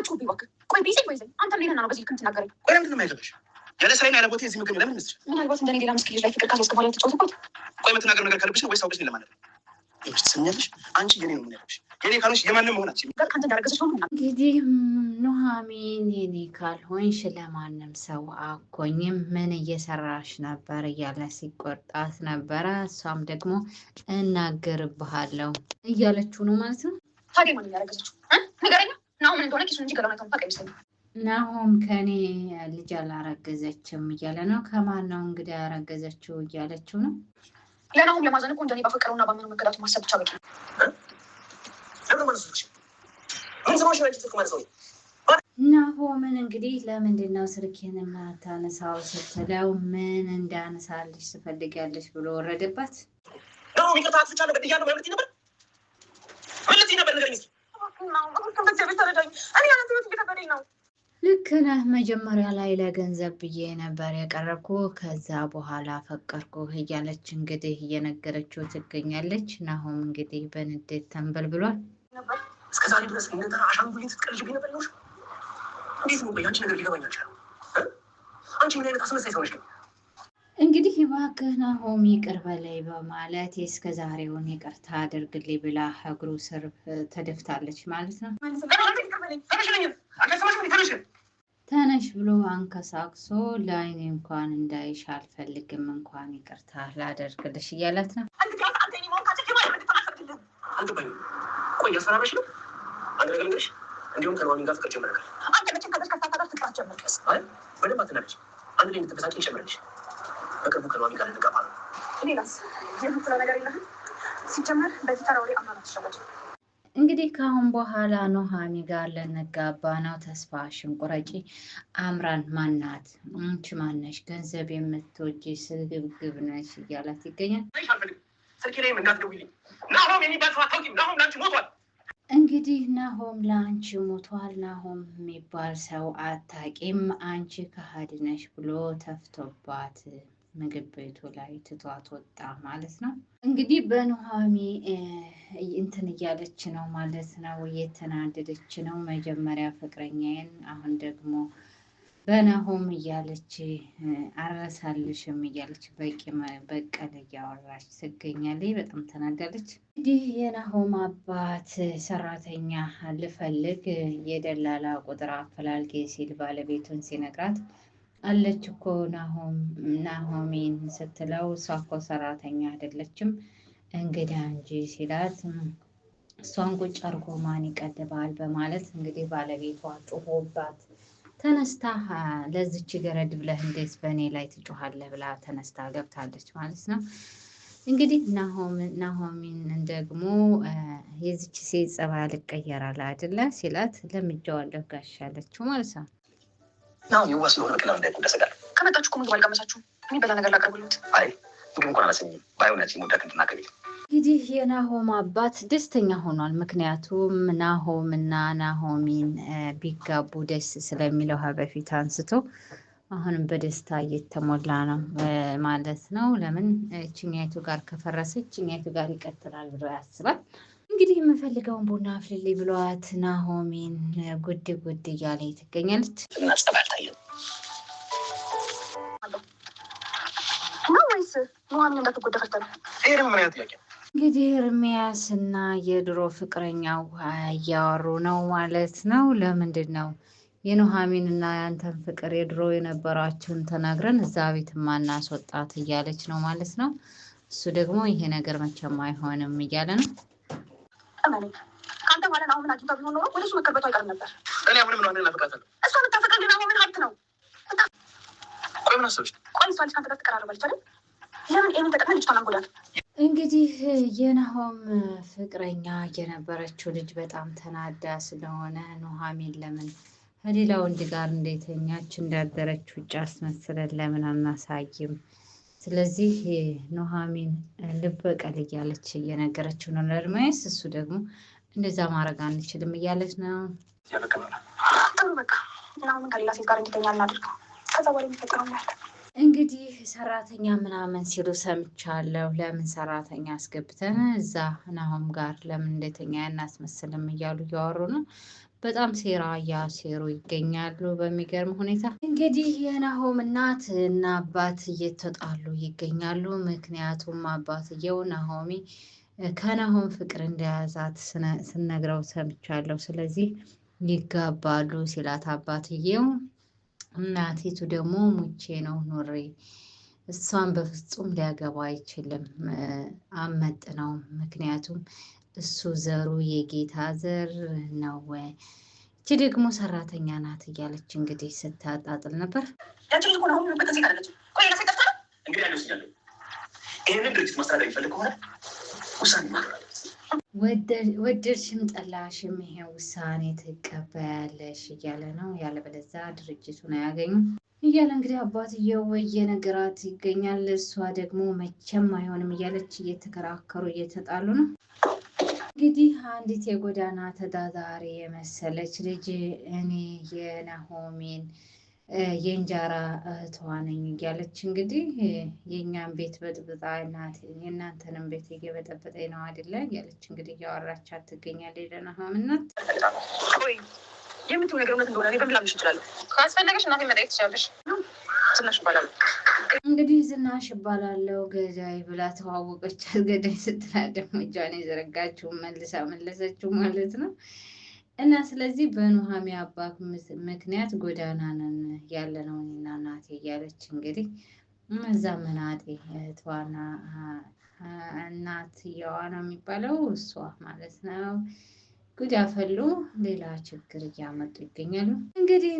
አንቺ ኮፒ እባክህ። ቆይ ቢዚ ቆይ፣ አንተ ሌላ ነው በዚህ ልክ የምትናገረኝ? ቆይ ለምንድን ነው የሚያገባሽ? ያለ ስራዬን ያለ ቦታ እዚህ ምክር ለምን ምስል ምናልባት እንደኔ ሌላ ምስክር ላይ ፍቅር ካስወስክ በኋላ ተጫወትኩት። ቆይ የምትናገር ነገር ካለብሽ ነው ወይስ አውቀሽ ነው ለማለት ትሰኛለሽ? አንቺ የኔ ነው የምናለሽ የኔ ካልሆንሽ የማንም መሆናች ከአንተ እንዳረገሰች ሆኑ። እንግዲህ ኑሐሚን የኔ ካልሆንሽ ለማንም ሰው አኮኝም፣ ምን እየሰራሽ ነበር እያለ ሲቆርጣት ነበረ። እሷም ደግሞ እናገርብሃለሁ እያለችው ነው ማለት ነው። ታዲያ ማን ያረገሰችው ነገር ምን እንደሆነ ኪሱ እንጂ ገላውን አይተው አይመስለኝም። ናሆም ከኔ ልጅ አላረገዘችም እያለ ነው። ከማን ነው እንግዲህ ያረገዘችው እያለችው ነው። ለናሆም ለማዘን እኮ እንደኔ ባፈቀረውና ባመኑ መገዳቱ ማሰብ ብቻ በቂ ነው። ናሆምን እንግዲህ ለምንድን ነው ስልኬን የማታነሳው ስትለው ምን እንዳነሳልሽ ትፈልጊያለሽ ብሎ ወረደባት። ናሆም ይቅርታ ብቻ ነገር እያለ ነበር ልክ ነህ። መጀመሪያ ላይ ለገንዘብ ብዬ ነበር የቀረብኩ፣ ከዛ በኋላ ፈቀርኩ እያለች እንግዲህ እየነገረችው ትገኛለች። ናሆም እንግዲህ በንዴት እስከዛሬ ድረስ ነገር ስትቀልጅብኝ ነበር። እንዴት ነው አንቺ ነገር ሊገባኝ አንቺ ምን አይነት አስመሳይ ሰዎች ግን እንግዲህ እባክህን ናሆም ይቅር በለኝ በማለት እስከ ዛሬውን ይቅርታ አድርግልኝ ብላ እግሩ ስር ተደፍታለች ማለት ነው። ተነሽ ብሎ አንከሳቅሶ ለአይኔ እንኳን እንዳይሽ አልፈልግም እንኳን ይቅርታ ላደርግልሽ እያለት ነው። አንድ ላይ በቅርቡ ከሎሚ ጋር እንገባ ነው። ሌላስ የምትለው ነገር የለህም? ሲጀመር በዚህ ተራ ወሬ አምና ትሸወጭ። እንግዲህ ከአሁን በኋላ ኑሃሚ ጋር ልንጋባ ነው። ተስፋ ሽንቁረጪ አምራን ማናት? አንቺ ማነሽ? ገንዘብ የምትወጂ ስግብግብ ነሽ እያላት ይገኛል። እንግዲህ ናሆም ለአንቺ ሞቷል። ናሆም የሚባል ሰው አታቂም፣ አንቺ ከሃዲ ነሽ ብሎ ተፍቶባት ምግብ ቤቱ ላይ ትቷት ወጣ ማለት ነው። እንግዲህ በኑሃሚ እንትን እያለች ነው ማለት ነው፣ እየተናደደች ነው። መጀመሪያ ፍቅረኛዬን አሁን ደግሞ በናሆም እያለች አረሳልሽም እያለች በቀል እያወራች ትገኛለች። በጣም ተናዳለች። እንግዲህ የናሆም አባት ሰራተኛ ልፈልግ የደላላ ቁጥር አፈላልጌ ሲል ባለቤቱን ሲነግራት አለች እኮ ናሆሚን ስትለው እሷ እኮ ሰራተኛ አይደለችም እንግዳ እንጂ ሲላት እሷን ቁጭ አርጎ ማን ይቀድባል በማለት እንግዲህ ባለቤቷ ጮሆባት ተነስታ ለዚች ገረድ ብለህ እንዴት በእኔ ላይ ትጮሃለህ ብላ ተነስታ ገብታለች ማለት ነው። እንግዲህ ናሆሚን ደግሞ የዚች ሴት ጸባይ ልቀየራል አይደለ ሲላት ለምጃዋለሁ ጋሻለችው ማለት ነው። ናሁን የዋስ ስለሆነ በቀላሉ እንዳይጎዳ እሰጋለሁ። ከመጣችሁ እኮ ምግብ አልቀመሳችሁ የሚበላ ነገር ላቀርብሉት። አይ ምግብ እንኳን አላሰኝም። ባይሆነት ሙዳ ክንድናገኝ እንግዲህ የናሆም አባት ደስተኛ ሆኗል። ምክንያቱም ናሆም እና ናሆሚን ቢጋቡ ደስ ስለሚለው በፊት አንስቶ አሁንም በደስታ እየተሞላ ነው ማለት ነው። ለምን እችኛይቱ ጋር ከፈረሰ እችኛይቱ ጋር ይቀጥላል ብሎ ያስባል። እንግዲህ የምፈልገውን ቡና አፍልልኝ ብሏት ናሆሚን ጉድ ጉድ እያለ ትገኛለች። እንግዲህ እርሚያስ እና የድሮ ፍቅረኛው እያወሩ ነው ማለት ነው። ለምንድን ነው የኑሃሚን እና ያንተን ፍቅር የድሮ የነበራችሁን ተናግረን እዛ ቤት ማናስወጣት እያለች ነው ማለት ነው። እሱ ደግሞ ይሄ ነገር መቼም አይሆንም እያለ ነው። ከአንተ በኋላ አሁን አግኝታ ቢሆን ኖሮ ወደ እሱ አይቀርም ነበር። እኔ አሁንም እሷ የምታፈቅር ግን ሀብት ነው? ቆይ ምን አሰብሽ? ቆይ እሷ ልጅ ከአንተ ጋር ትቀራረባለች አይደል? ለምን ተጠቅመን ልጅቷን አንጎዳት? እንግዲህ የናሆም ፍቅረኛ የነበረችው ልጅ በጣም ተናዳ ስለሆነ ኑሐሚን ለምን ከሌላ ወንድ ጋር እንደተኛች እንዳደረች ውጭ አስመስለን ለምን አናሳይም ስለዚህ ኑሃሚን ልበቀል እያለች እየነገረችው ነው ለአድማስ። እሱ ደግሞ እንደዛ ማድረግ አንችልም እያለች ነው። እንግዲህ ሰራተኛ ምናምን ሲሉ ሰምቻለሁ። ለምን ሰራተኛ አስገብተን እዛ ናሆም ጋር ለምን እንደተኛ ያናስመስልም እያሉ እያወሩ ነው። በጣም ሴራ እያሴሩ ይገኛሉ። በሚገርም ሁኔታ እንግዲህ የናሆም እናት እና አባት እየተጣሉ ይገኛሉ። ምክንያቱም አባትየው ናሆሚ ከናሆም ፍቅር እንደያዛት ስነግረው ሰምቻለሁ። ስለዚህ ይጋባሉ ሲላት አባትየው እናቲቱ ደግሞ ሙቼ ነው ኖሬ እሷን በፍጹም ሊያገባ አይችልም። አመጥ ነው ምክንያቱም እሱ ዘሩ የጌታ ዘር ነው። እቺ ደግሞ ሰራተኛ ናት እያለች እንግዲህ ስታጣጥል ነበር። ወደድሽም ጠላሽም ይሄ ውሳኔ ትቀበያለሽ እያለ ነው። ያለበለዛ ድርጅቱን አያገኙም እያለ እንግዲህ አባትየው እየነገራት ይገኛል። እሷ ደግሞ መቼም አይሆንም እያለች እየተከራከሩ እየተጣሉ ነው። እንግዲህ አንዲት የጎዳና ተዳዳሪ የመሰለች ልጅ እኔ የናሆሜን የእንጀራ እህቷ ነኝ እያለች እንግዲህ የእኛን ቤት በጥብጣ የእናንተንም ቤት እየበጠበጠ ነው አይደለ? እያለች እንግዲህ እያወራች ትገኛለች። ለናሆም እናት የምትሆነ ነገር እውነት እንደሆነ በምን ላምንሽ እችላለሁ? ካስፈለገሽ እናቴ መጠየቅ ትችላለሽ። እንግዲህ ዝናሽ ይባላለው ገዛይ ብላ ተዋወቀች። ገዳይ ስትላት ደግሞ እጇን የዘረጋችው መልሳ መለሰችው ማለት ነው። እና ስለዚህ በኑሃሚ አባት ምክንያት ጎዳና ነን ያለ ነው እኔና እናቴ እያለች እንግዲህ እዛ መናጤ እህቷና እናትየዋ ነው የሚባለው እሷ ማለት ነው። ጉድ ያፈሉ ሌላ ችግር እያመጡ ይገኛሉ። እንግዲህ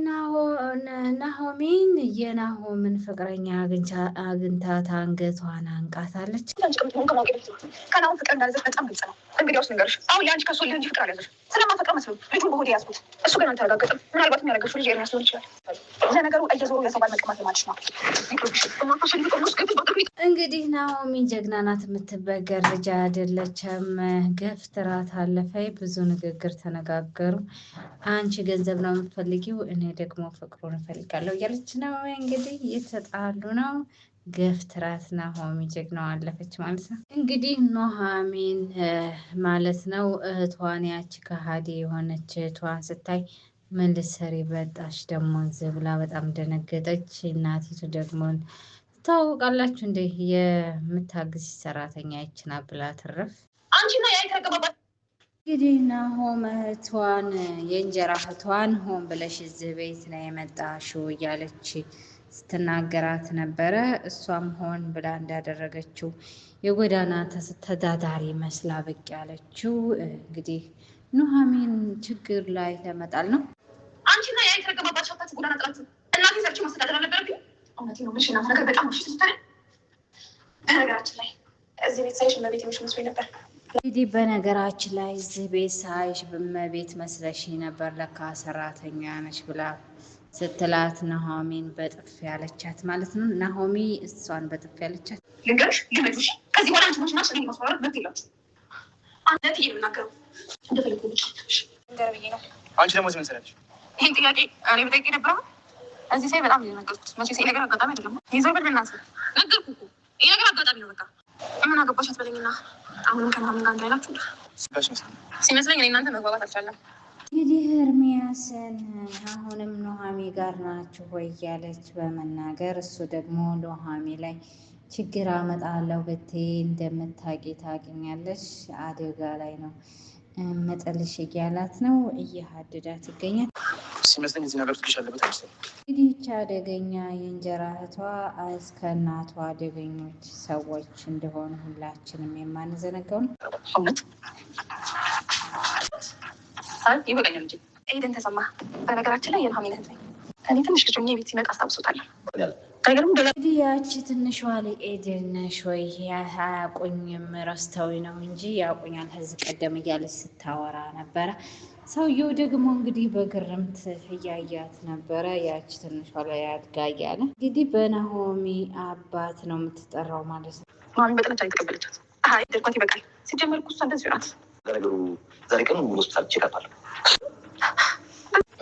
ናሆሚን የናሆምን ፍቅረኛ አግኝታት አንገቷን አንቃታለች። ከናሆም ፍቅር እንዳለዘች በጣም ግልጽ ነው። እንግዲያውስ ንገርሽ አሁን የአንቺ ከሱ ልጅ ፍቅር ስለማፈቅር መስሎ ልጁን በሆዴ ያዝኩት። እሱ ግን ምናልባት ልጅ ይችላል። ለነገሩ እየዞሩ ለሰባል መቀማት ነው። እንግዲህ ናሆሚ ጀግና ናት፣ የምትበገር ልጅ አይደለችም። ገፍትራት አለፈይ ብዙ ነገር ንግግር ተነጋገሩ። አንቺ ገንዘብ ነው የምትፈልጊው፣ እኔ ደግሞ ፍቅሩን እፈልጋለሁ እያለች ነው እንግዲህ እየተጣሉ ነው። ገፍትራት ናሆሚ ጀግናዋ አለፈች ማለት ነው። እንግዲህ ኑሐሚን ማለት ነው እህቷን ያቺ ከሀዲ የሆነች እህቷን ስታይ ምን ልትሰሪ በጣሽ ደግሞ ዝብላ በጣም ደነገጠች። እናቲቱ ደግሞ ታወቃላችሁ እንደ የምታግዝ ሰራተኛ ይችና ብላ ትረፍ አንቺና ያ እንግዲህ ናሆም እህቷን የእንጀራ እህቷን ሆን ብለሽ እዚህ ቤት ነው የመጣሽው እያለች ስትናገራት ነበረ። እሷም ሆን ብላ እንዳደረገችው የጎዳና ተዳዳሪ መስላ ብቅ ያለችው እንግዲህ ኑሐሚን ችግር ላይ ለመጣል ነው። አንቺ ና ያ የተረገመባቸው ታት ጎዳና ጥላት እናቴ ሰርች ማስተዳደር አልነበረብኝ። እውነቴ ነው ምሽ ነገር በጣም ሽታ ነገራችን ላይ እዚህ ቤት ሳይሽ መቤት ምሽ መስሎኝ ነበር እንግዲህ በነገራችን ላይ እዚህ ቤት ሳይሽ በመቤት መስለሽ ነበር ለካ ሰራተኛ ነች ብላ ስትላት ናሆሚን በጥፍ ያለቻት ማለት ነው። ናሆሚ እሷን በጥፍ ያለቻት ልንገርሽ፣ ልመድሽ ከዚህ በኋላ አንቺ ናሽ ማስፈራራት መብት የላችሁ። አንቺ ደግሞ እዚህ ይህን ጥያቄ እኔ ብጠይቅ ነበረ እዚህ ሳይ በጣም ነገር አጋጣሚ አይደለም ይዘው ብድ ምናስብ ነገርኩ። ይህ ነገር አጋጣሚ ነው በቃ ምን አገባሽ አትበለኝና አሁንም ከማምን ጋር እንዳይላችሁ ሲመስለኝ እናንተ መግባባት አልቻለም። እንግዲህ እርሚያስን አሁንም ኑሃሚ ጋር ናችሁ ወይ እያለች በመናገር እሱ ደግሞ ኑሃሚ ላይ ችግር አመጣለሁ ብትይ እንደምታቂ ታቂኛለች፣ አደጋ ላይ ነው መጠልሽ እያላት ነው እየሀድዳት ይገኛል። ሲመስለኝ እዚህ ነገር ትልሽ ያለበት አይመስለኝ። እንግዲህ ይቺ አደገኛ የእንጀራ እህቷ እስከ እናቷ አደገኞች ሰዎች እንደሆኑ ሁላችንም የማንዘነገው ነው። እውነት ይበቃኛል እንጂ ኤደን ተሰማ በነገራችን ላይ የልሃሚነት ነኝ እኔ ትንሽ ልጅ ሆኜ ቤት ሲመጣ አስታውሶታለሁ። እንግዲህ ያቺ ትንሿ ኤደን ነሽ ወይ? አያውቁኝም ረስተው ነው እንጂ ያውቁኛል ከዚህ ቀደም እያለ ስታወራ ነበረ። ሰውየው ደግሞ እንግዲህ በግርምት እያያት ነበረ። ያቺ ትንሽ ላይ አድጋ እያለ እንግዲህ በናሆሚ አባት ነው የምትጠራው ማለት ነው። ማሚ በጥንቻ የተቀበለቻት ደርኳት ይበቃል። ሲጀመር እኮ እሷ እንደዚህ ናት። ለነገሩ ዛሬ ቀን ሆስፒታል ይችላል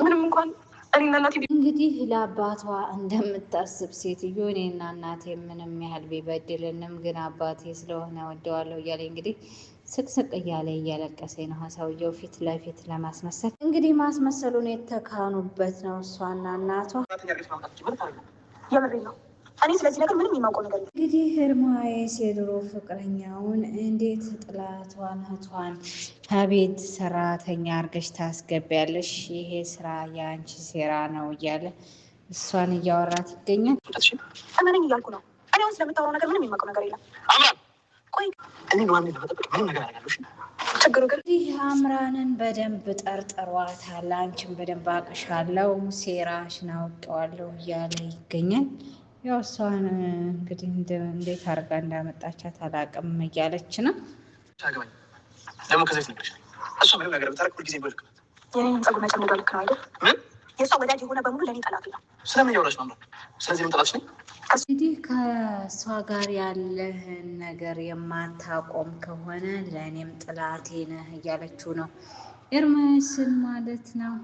ምንም እንኳን እንግዲህ ለአባቷ እንደምታስብ ሴትዮ እኔና እናቴ ምንም ያህል ቢበድልንም ግን አባቴ ስለሆነ ወደዋለሁ እያለ እንግዲህ ስቅስቅ እያለ እያለቀሰ ነው። ሰውየው ፊት ለፊት ለማስመሰል እንግዲህ ማስመሰሉን የተካኑበት ነው እሷና እናቷ እኔ ስለዚህ ነገር ምንም የማውቀው ነገር ነው። እንግዲህ ህርማዬስ የድሮ ፍቅረኛውን እንዴት ጥላቷን እህቷን ከቤት ሰራተኛ አድርገሽ ታስገቢያለሽ? ይሄ ስራ የአንቺ ሴራ ነው እያለ እሷን እያወራት ይገኛል። እመነኝ እያልኩ ነው። እኔ አሁን ስለምታወራው ነገር ምንም የማውቀው ነገር የለም። ችግሩ አምራንን በደንብ ጠርጥሯታል። አንቺን በደንብ አቅሻለው፣ ሴራሽን አውቀዋለሁ እያለ ይገኛል። ያው እሷን እንግዲህ እንዴት አድርጋ እንዳመጣቻት አላውቅም እያለች ነው። እንግዲህ ከእሷ ጋር ያለህን ነገር የማታቆም ከሆነ ለእኔም ጥላቴ ነህ እያለችው ነው። ኤርመስን ማለት ነው።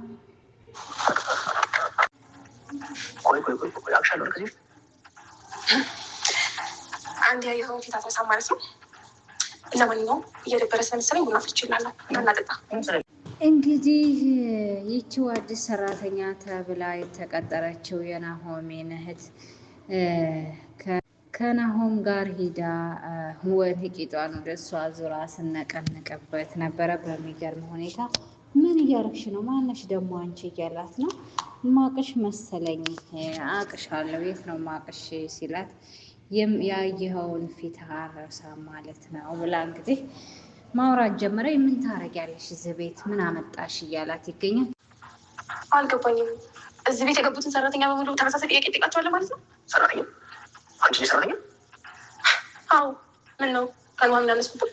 አንድ ያየኸውን ፊት ማለት ነው። ለማንኛውም እየደበረ ስለመሰለኝ ቡና እናጠጣ። እንግዲህ ይቺው አዲስ ሰራተኛ ተብላ የተቀጠረችው የናሆሜን እህት ከናሆም ጋር ሂዳ ህወት ወደ እሷ ዙራ ስነቀንቅበት ነበረ በሚገርም ሁኔታ። ምን እያረግሽ ነው? ማነሽ ደግሞ አንቺ እያላት ነው ማቅሽ መሰለኝ አቅሽ አለው የት ነው ማቅሽ ሲላት ያየኸውን ፊት አረሳ ማለት ነው ብላ እንግዲህ ማውራት ጀመረ። ምን ታረጊያለሽ እዚህ ቤት ምን አመጣሽ እያላት ይገኛል። አልገባኝም። እዚህ ቤት የገቡትን ሰራተኛ በሙሉ ተመሳሳይ ጥያቄ ጠይቃቸዋለሁ ማለት ነው። ሰራተኛ አንቺ ሰራተኛ? አዎ። ምን ነው ከልዋ ምናነስቡት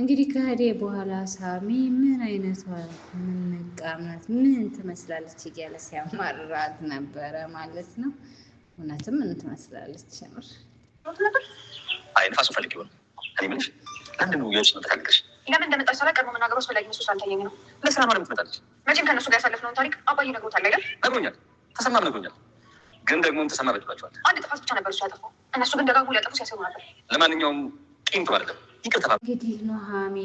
እንግዲህ ከሄደ በኋላ ሳሚ ምን አይነት ምን ምን ትመስላለች እያለ ሲያማራት ነበረ ማለት ነው። እውነትም ምን ትመስላለች? ምር አይነፋሱ ፈልግ ሆነ ምሽ አንድ ውያዎች ለምን እንደመጣች ሰራ ቀድሞ መናገሩ አስፈላጊ መስሎ ስላልታየኝ ነው። ለስራ ነው መቼም ከእነሱ ጋር ያሳለፍነውን ታሪክ አባዬ ነግሮታል አይደል? ነግሮኛል። ተሰማም ነግሮኛል። ግን ደግሞ ተሰማ በድሏቸዋል። አንድ ጥፋት ብቻ ነበር እሱ ያጠፋው። እነሱ ግን ደጋግሞ ሊያጠፉ ሲያሰሩ ነበር። ለማንኛውም እንግዲህ ኖሃሚ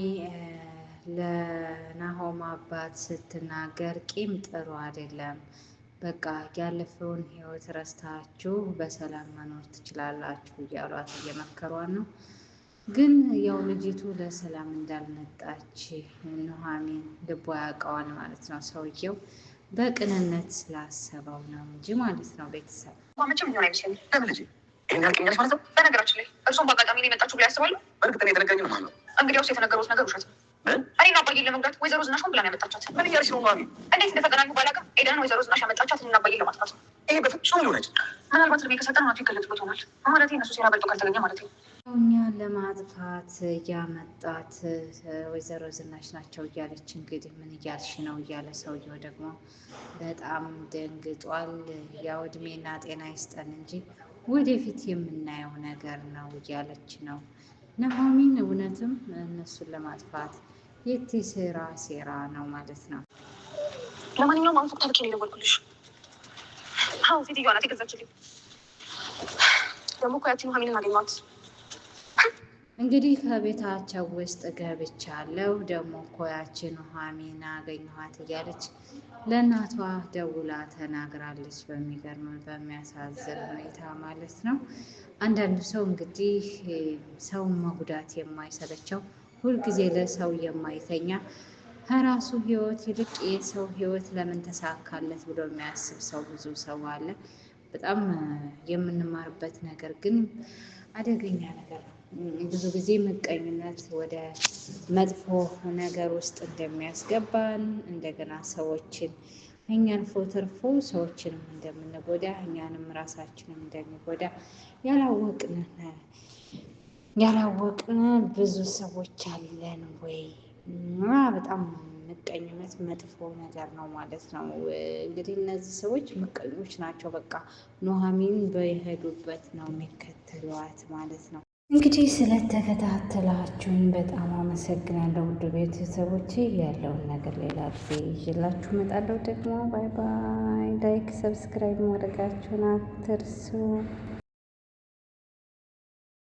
ለናሆም አባት ስትናገር ቂም ጥሩ አይደለም፣ በቃ ያለፈውን ህይወት ረስታችሁ በሰላም መኖር ትችላላችሁ እያሏት እየመከሯን ነው። ግን ያው ልጅቱ ለሰላም እንዳልመጣች ኑሃሚን ልቦ ያውቀዋል ማለት ነው። ሰውየው በቅንነት ስላሰበው ነው እንጂ ማለት ነው ቤተሰብ ይህን ያህል ማለት ነው። በነገራችን ላይ እርሱም በአጋጣሚ ነው የመጣችሁ ብላ ያስባሉ። በእርግጥ ነው የተነገረኝ ነው ማለት ነው። እንግዲያውስ የተነገሩት ነገር ውሸት ነው። እኔና አባዬን ለመጉዳት ወይዘሮ ዝናሽ ሆን ብላ ነው ያመጣቻት። ምን እያልሽ ነው ማሚ? እንዴት እንደተገናኙ ባላውቅም ኤደን ወይዘሮ ዝናሽ ያመጣቻት እኔና አባዬን ለማጥፋት ነው። ይሄ በፍጹም ሊሆን አይችልም። ምናልባት እድሜ ከሰጠን እውነቱ ይገለጥበት ይሆናል። ማለቴ እነሱ ሴራ በልጦ ካልተገኘ ማለት ነው። እኛን ለማጥፋት እያመጣት ወይዘሮ ዝናሽ ናቸው እያለች እንግዲህ ምን እያልሽ ነው እያለ ሰውየው ደግሞ በጣም ደንግጧል። ያው እድሜና ጤና ይስጠን እንጂ ወደፊት የምናየው ነገር ነው እያለች ነው። ኑሃሚን እውነትም እነሱን ለማጥፋት የተሰራ ሴራ ነው ማለት ነው። ለማንኛውም አሁን ፎቅታ ብቻ የደወልኩልሽ አሁን ሴትዮዋ ናት የገዛችልኝ። ደግሞ እኮ ያቺን ኑሃሚንን አገኘኋት እንግዲህ ከቤታቸው ውስጥ ገብቻለሁ። ደግሞ ኮያችን ያችን ኑሃሚን አገኘኋት እያለች ለእናቷ ደውላ ተናግራለች። በሚገርም በሚያሳዝን ሁኔታ ማለት ነው። አንዳንዱ ሰው እንግዲህ ሰውን መጉዳት የማይሰለቸው ሁልጊዜ ለሰው የማይተኛ ከራሱ ሕይወት ይልቅ የሰው ሕይወት ለምን ተሳካለት ብሎ የሚያስብ ሰው ብዙ ሰው አለ። በጣም የምንማርበት ነገር ግን አደገኛ ነገር ነው። ብዙ ጊዜ ምቀኝነት ወደ መጥፎ ነገር ውስጥ እንደሚያስገባን እንደገና ሰዎችን እኛን ፎተርፎ ሰዎችንም እንደምንጎዳ እኛንም ራሳችንም እንደሚጎዳ ያላወቅን ያላወቅን ብዙ ሰዎች አለን ወይ? በጣም ምቀኝነት መጥፎ ነገር ነው ማለት ነው። እንግዲህ እነዚህ ሰዎች ምቀኞች ናቸው። በቃ ኑሐሚን በሄዱበት ነው የሚከተሏት ማለት ነው። እንግዲህ ስለተከታተላችሁኝ በጣም አመሰግናለሁ ውድ ቤተሰቦቼ። ያለውን ነገር ሌላ ጊዜ ይዤላችሁ እመጣለሁ። ደግሞ ባይ ባይ። ላይክ፣ ሰብስክራይብ ማድረጋችሁን አትርሱ።